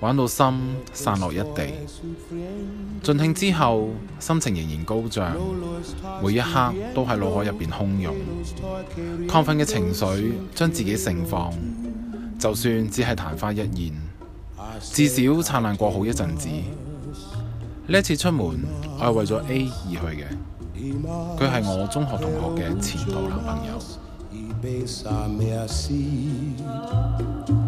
玩到心散落一地，盡興之後心情仍然高漲，每一刻都喺腦海入邊洶湧，亢奮嘅情緒將自己盛放，就算只係曇花一現，至少燦爛過好一陣子。呢次出門，我係為咗 A 而去嘅，佢係我中學同學嘅前度男朋友。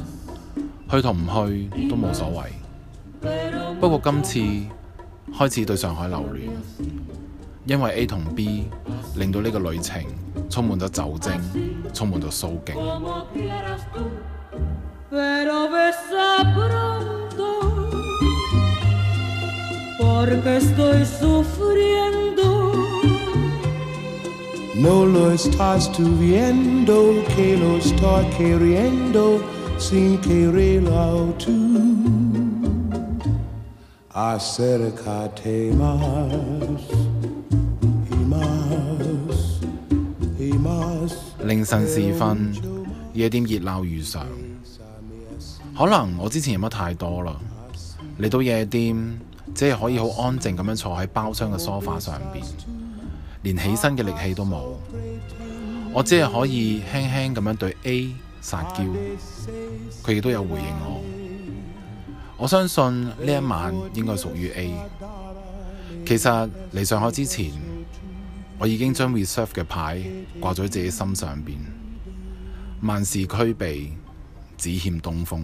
去同唔去都冇所謂，不過今次開始對上海留戀，因為 A 同 B 令到呢個旅程充滿咗酒精，充滿咗騷勁。No 凌晨時分，夜店熱鬧如常。可能我之前飲得太多啦，嚟到夜店，只係可以好安靜咁樣坐喺包廂嘅梳化上邊，連起身嘅力氣都冇。我只係可以輕輕咁樣對 A。撒嬌佢亦都有回應我。我相信呢一晚應該屬於 A。其實嚟上海之前，我已經將 reserve 嘅牌掛咗喺自己心上邊。萬事俱備，只欠東風。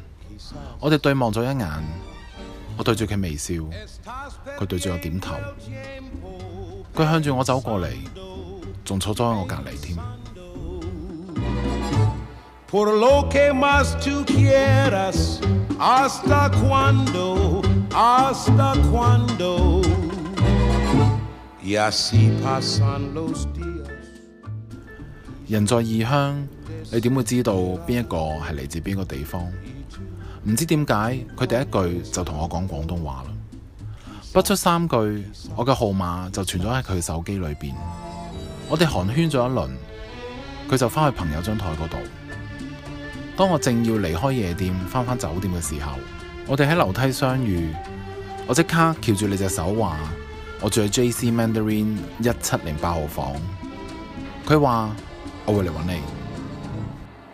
我哋對望咗一眼，我對住佢微笑，佢對住我點頭，佢向住我走過嚟，仲坐咗喺我隔籬添。人在異鄉。你點會知道邊一個係嚟自邊個地方？唔知點解佢第一句就同我講廣東話啦。不出三句，我嘅號碼就傳咗喺佢手機裏邊。我哋寒暄咗一輪，佢就返去朋友張台嗰度。當我正要離開夜店返返酒店嘅時候，我哋喺樓梯相遇。我即刻翹住你隻手說，話我住喺 JC Mandarin 一七零八號房。佢話我會嚟揾你。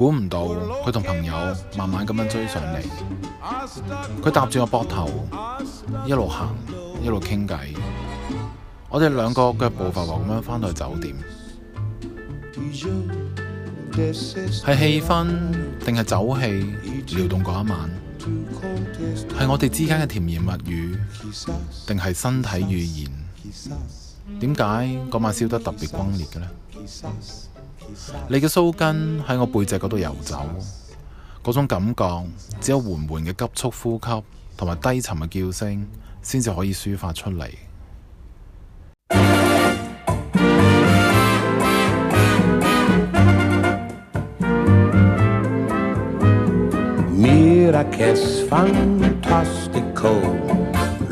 估唔到佢同朋友慢慢咁樣追上嚟，佢搭住我膊頭，一路行，一路傾偈。我哋兩個腳步浮浮咁樣返到酒店，係氣氛定係酒氣撩動嗰一晚，係我哋之間嘅甜言蜜語，定係身體語言？點解嗰晚燒得特別轟烈嘅呢？你嘅鬚根喺我背脊嗰度游走，嗰種感覺只有緩緩嘅急速呼吸同埋低沉嘅叫聲先至可以抒發出嚟。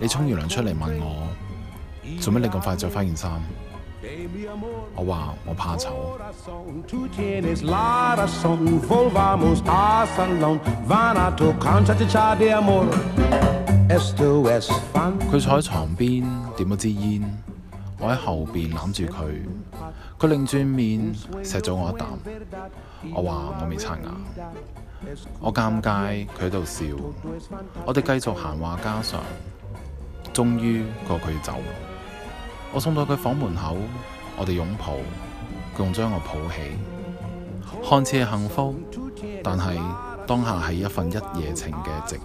你沖完涼出嚟問我做乜你咁快着翻件衫？我話我怕醜。佢坐喺床邊點咗支煙，我喺後邊攬住佢。佢擰轉面錫咗我一啖。我話我未刷牙，我尷尬。佢喺度笑。我哋繼續閒話家常。終於，佢話佢要走，我送到佢房門口，我哋擁抱，共將我抱起，看似係幸福，但係當下係一份一夜情嘅寂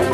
寞。